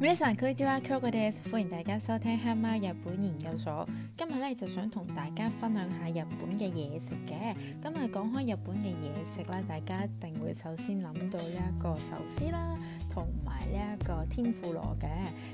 皆さん、こんにちは，歡迎大家收聽黑貓日本研究所。今日咧就想同大家分享下日本嘅嘢食嘅。今日講開日本嘅嘢食啦，大家一定會首先諗到一個壽司啦。同埋呢一個天婦羅嘅，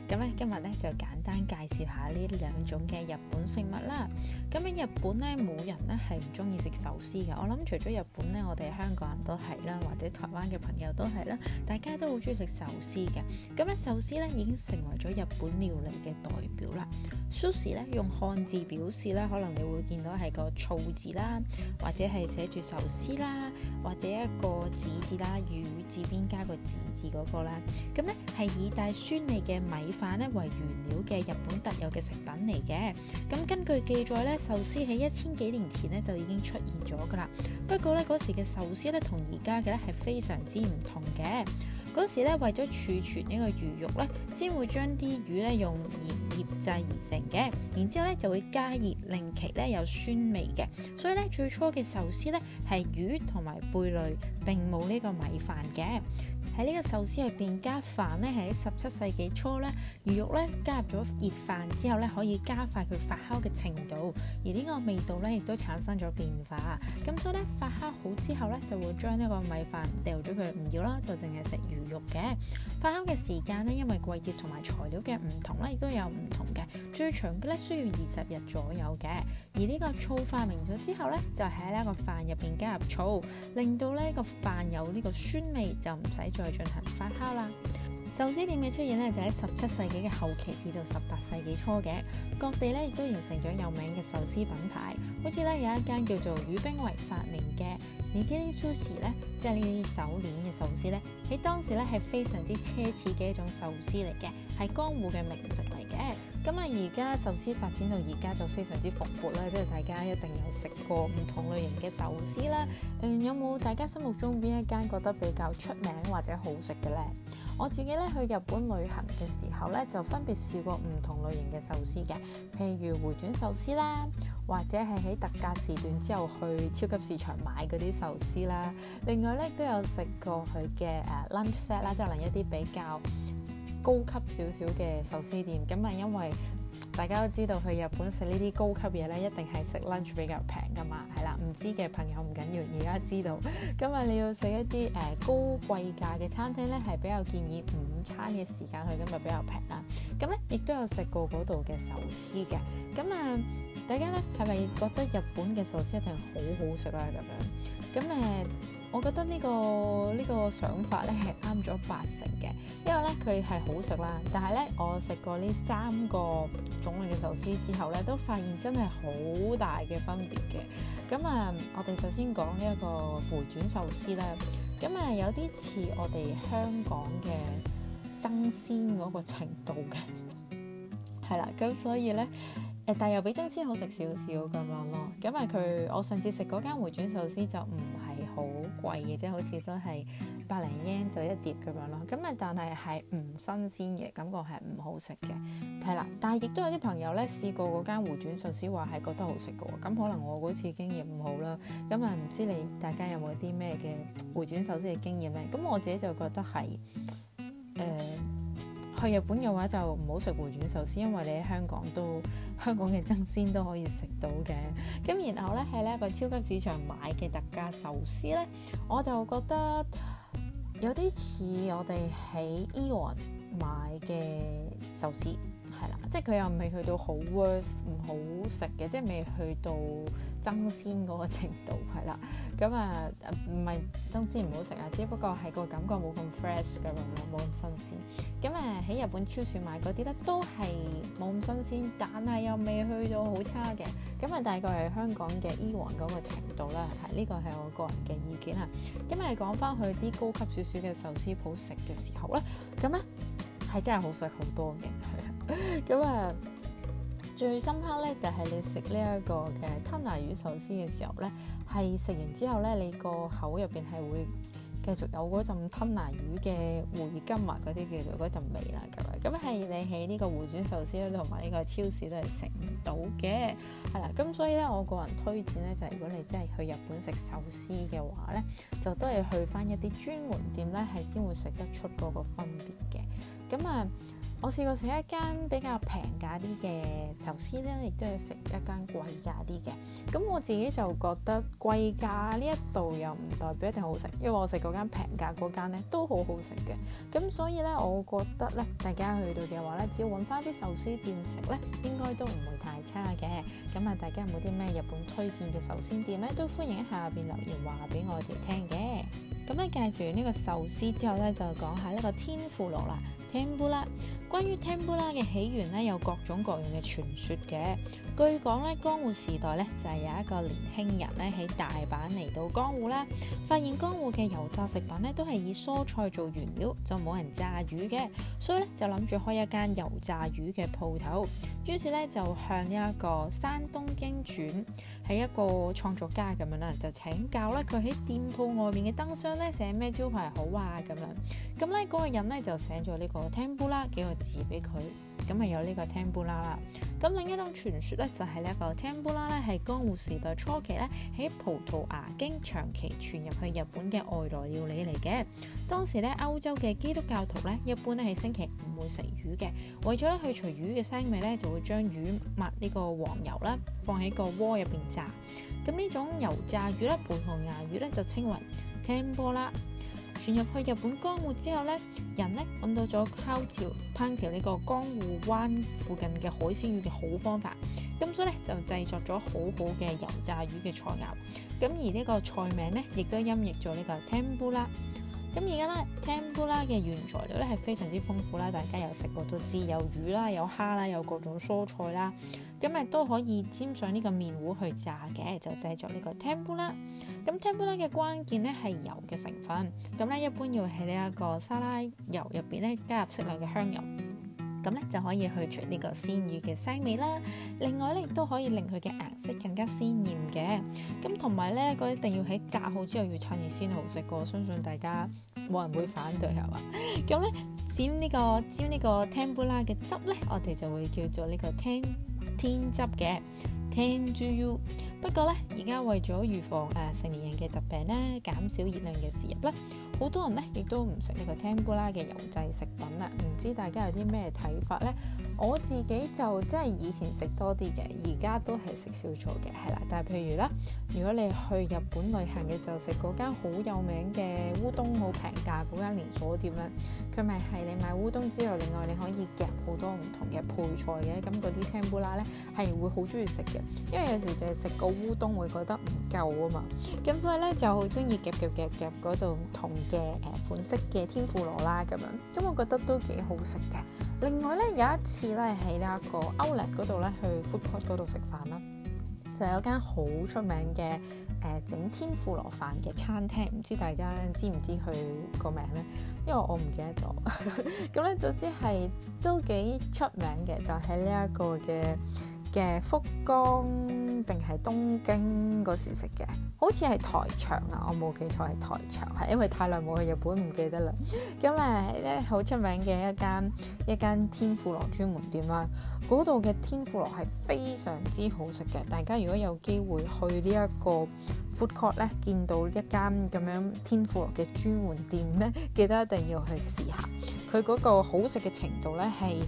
咁咧今日咧就簡單介紹下呢兩種嘅日本食物啦。咁、嗯、喺日本咧，冇人咧係唔中意食壽司嘅。我諗除咗日本咧，我哋香港人都係啦，或者台灣嘅朋友都係啦，大家都好中意食壽司嘅。咁、嗯、咧壽司咧已經成為咗日本料理嘅代表啦。Sushi 咧用漢字表示咧，可能你會見到係個醋字啦，或者係寫住壽司啦，或者一個字字啦，魚字邊加個字字嗰個。咁呢係以帶酸味嘅米飯呢為原料嘅日本特有嘅食品嚟嘅。咁根據記載，呢壽司喺一千幾年前呢就已經出現咗㗎喇。不過呢，嗰時嘅壽司呢同而家嘅呢係非常之唔同嘅。嗰時呢，為咗儲存呢個魚肉呢先會將啲魚呢用鹽醃製而成嘅，然之後呢就會加熱令其呢有酸味嘅。所以呢，最初嘅壽司呢係魚同埋貝類並冇呢個米飯嘅。喺呢個壽司入邊加飯呢，係喺十七世紀初呢，魚肉呢加入咗熱飯之後呢，可以加快佢發酵嘅程度，而呢個味道呢亦都產生咗變化。咁所以呢，發酵好之後呢，就會將呢個米飯掉咗佢唔要啦，就淨係食魚肉嘅。發酵嘅時間呢，因為季節同埋材料嘅唔同呢亦都有唔同嘅。最長嘅呢需要二十日左右嘅。而呢個醋發明咗之後呢，就喺呢個飯入邊加入醋，令到呢個飯有呢個酸味，就唔使。再進行發酵啦。壽司店嘅出現咧，就喺十七世紀嘅後期至到十八世紀初嘅各地咧，亦都形成咗有名嘅壽司品牌。好似咧有一間叫做與兵衛發明嘅 Nigiri Sushi 咧，即係呢啲手鏈嘅壽司咧，喺當時咧係非常之奢侈嘅一種壽司嚟嘅，係江戶嘅名食嚟嘅。咁啊，而家壽司發展到而家就非常之蓬勃啦，即係大家一定有食過唔同類型嘅壽司啦。嗯，有冇大家心目中邊一間覺得比較出名或者好食嘅呢？我自己咧去日本旅行嘅時候咧，就分別試過唔同類型嘅壽司嘅，譬如回轉壽司啦，或者係喺特價時段之後去超級市場買嗰啲壽司啦。另外咧，都有食過佢嘅誒 lunch set 啦，即係嚟一啲比較。高級少少嘅壽司店，咁啊因為大家都知道去日本食呢啲高級嘢呢，一定係食 lunch 比較平噶嘛，係啦。唔知嘅朋友唔緊要，而家知道，咁啊你要食一啲誒、呃、高貴價嘅餐廳呢，係比較建議午餐嘅時間去，咁啊比較平啦。咁咧，亦都有食過嗰度嘅壽司嘅。咁啊，大家咧係咪覺得日本嘅壽司一定好好食啊？咁樣，咁誒，我覺得呢個呢個想法咧係啱咗八成嘅，因為咧佢係好食啦。但係咧，我食過呢三個種類嘅壽司之後咧，都發現真係好大嘅分別嘅。咁啊，我哋首先講呢一個回轉壽司啦。咁啊，有啲似我哋香港嘅。爭鮮嗰個程度嘅，係啦，咁所以咧，誒、呃，但係又比爭鮮好食少少咁樣咯。咁啊，佢我上次食嗰間回轉壽司就唔係好貴嘅，啫，好似都係百零英就一碟咁樣咯。咁啊，但係係唔新鮮嘅，感覺係唔好食嘅，係啦。但係亦都有啲朋友咧試過嗰間回轉壽司，話係覺得好食嘅喎。咁可能我嗰次經驗唔好啦。咁啊，唔知你大家有冇啲咩嘅回轉壽司嘅經驗咧？咁我自己就覺得係。誒、呃、去日本嘅話就唔好食回轉壽司，因為你喺香港都香港嘅爭鮮都可以食到嘅。咁 然後咧喺咧個超級市場買嘅特價壽司咧，我就覺得有啲似我哋喺 Eon 買嘅壽司係啦，即係佢又唔係去到好 worse 唔好食嘅，即係未去到爭鮮個程度係啦。咁啊唔係爭鮮唔好食啊，只不過係個感覺冇咁 fresh 咁樣咯，冇。喺日本超市買嗰啲咧，都係冇咁新鮮，但係又未去到好差嘅，咁啊大概係香港嘅 E 王嗰個程度啦。呢個係我個人嘅意見啊。咁你講翻去啲高級少少嘅壽司鋪食嘅時候咧，咁咧係真係好食好多嘅。咁啊，最深刻咧就係、是、你食呢一個嘅吞拿魚壽司嘅時候咧，係食完之後咧，你個口入邊係會。繼續有嗰陣吞拿魚嘅回甘啊，嗰啲叫做嗰陣味啦，咁咁係你喺呢個回轉壽司度，同埋呢個超市都係食唔到嘅，係啦，咁所以咧，我個人推薦咧，就係如果你真係去日本食壽司嘅話咧，就都係去翻一啲專門店咧，係先會食得出嗰個分別嘅，咁啊。我試過食一間比較平價啲嘅壽司咧，亦都係食一間貴價啲嘅。咁我自己就覺得貴價呢一度又唔代表一定好食，因為我食嗰間平價嗰間咧都好好食嘅。咁所以咧，我覺得咧，大家去到嘅話咧，只要揾翻啲壽司店食咧，應該都唔會太差嘅。咁啊，大家有冇啲咩日本推薦嘅壽司店咧？都歡迎喺下邊留言話俾我哋聽嘅。咁咧，介紹完呢個壽司之後咧，就講下呢個天婦羅啦。天婦羅，關於天婦羅嘅起源咧，有各種各樣嘅傳說嘅。據講咧，江戶時代咧就係有一個年輕人咧喺大阪嚟到江戶啦，發現江戶嘅油炸食品咧都係以蔬菜做原料，就冇人炸魚嘅，所以咧就諗住開一間油炸魚嘅鋪頭。於是咧就向一個山東京傳係一個創作家咁樣啦，就請教咧佢喺店鋪外面嘅燈箱咧寫咩招牌好啊咁樣。咁咧嗰個人咧就寫咗呢個 Tempura 幾個字俾佢，咁係有呢個 Tempura 啦。咁另一種傳說咧，就係呢個 Tempura 啦，咧係江戶時代初期咧喺葡萄牙經長期傳入去日本嘅外來料理嚟嘅。當時咧歐洲嘅基督教徒咧一般咧喺星期五會食魚嘅，為咗咧去除魚嘅腥味咧，就會將魚抹呢個黃油啦，放喺個鍋入邊炸。咁呢種油炸魚咧，葡萄牙魚咧就稱為 Tempura 啦。傳入去日本江戶之後咧，人咧揾到咗烤條、烹調呢個江戶灣附近嘅海鮮魚嘅好方法，咁所以咧就製作咗好好嘅油炸魚嘅菜餚。咁而呢個菜名咧亦都音譯咗呢個 Tempura。咁而家咧 Tempura 嘅原材料咧係非常之豐富啦，大家有食過都知有魚啦，有蝦啦，有各種蔬菜啦。咁誒都可以沾上呢個麵糊去炸嘅，就製作呢個天婦羅。咁天婦羅嘅關鍵咧係油嘅成分，咁咧一般要喺呢一個沙拉油入邊咧加入適量嘅香油，咁咧就可以去除呢個鮮魚嘅腥味啦。另外咧亦都可以令佢嘅顏色更加鮮豔嘅。咁同埋咧，嗰一定要喺炸好之後要趁熱先好食嘅，我相信大家冇人會反對係嘛？咁咧沾呢個沾呢個天婦羅嘅汁咧，我哋就會叫做呢個天。天汁嘅，天婦羅，不過咧，而家為咗預防誒、啊、成年人嘅疾病咧，減少熱量嘅攝入啦，好多人咧亦都唔食呢個天婦羅啦嘅油製食品啦，唔知大家有啲咩睇法咧？我自己就真係以前食多啲嘅，而家都係食少咗嘅，係啦。但係譬如咧，如果你去日本旅行嘅時候食嗰間好有名嘅烏冬，好平價嗰間連鎖店咧，佢咪係你買烏冬之後，另外你可以夾好多唔同嘅配菜嘅。咁嗰啲天婦羅咧係會好中意食嘅，因為有時淨係食個烏冬會覺得唔夠啊嘛。咁所以咧就好中意夾夾夾夾嗰度唔同嘅誒、呃、款式嘅天婦羅啦咁樣。咁我覺得都幾好食嘅。另外咧，有一次咧，喺呢一個 Outlet 嗰度咧，去 food court 嗰度食飯啦，就係、有間好出名嘅誒、呃、整天婦羅飯嘅餐廳，唔知大家知唔知佢個名咧？因為我唔記得咗。咁咧，總之係都幾出名嘅，就喺呢一個嘅。嘅福岡定係東京嗰時食嘅，好似係台場啊，我冇記錯係台場，係因為太耐冇去日本唔記得啦。咁 咧，咧好出名嘅一間一間天婦羅專門店啦，嗰度嘅天婦羅係非常之好食嘅。大家如果有機會去呢一個 food court 咧，見到一間咁樣天婦羅嘅專門店咧，記得一定要去試下，佢嗰個好食嘅程度咧係。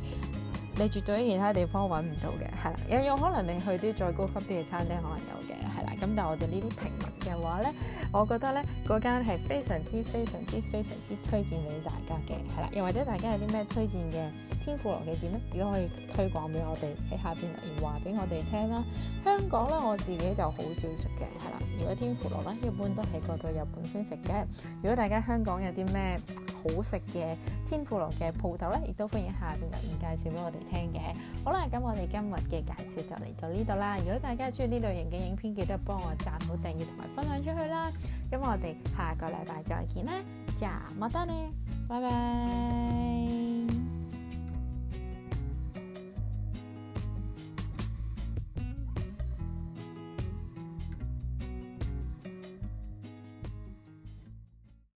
你絕對喺其他地方揾唔到嘅，係啦，亦有，有可能你去啲再高級啲嘅餐廳可能有嘅，係啦。咁但係我哋呢啲平民嘅話咧，我覺得咧嗰間係非常之、非常之、非常之推薦俾大家嘅，係啦。又或者大家有啲咩推薦嘅天婦羅嘅店咧，亦都可以推廣俾我哋喺下面留言話俾我哋聽啦。香港咧我自己就好少食嘅，係啦。如果天婦羅咧，一般都喺嗰度日本先食嘅。如果大家香港有啲咩好食嘅天婦羅嘅鋪頭咧，亦都歡迎下邊留言介紹俾我哋聽嘅。好啦，咁我哋今日嘅介紹就嚟到呢度啦。如果大家係中意呢類型嘅影片，記得幫我讚好、訂閱同埋分享出去啦。咁我哋下個禮拜再見啦 Cheers，冇得你，拜拜。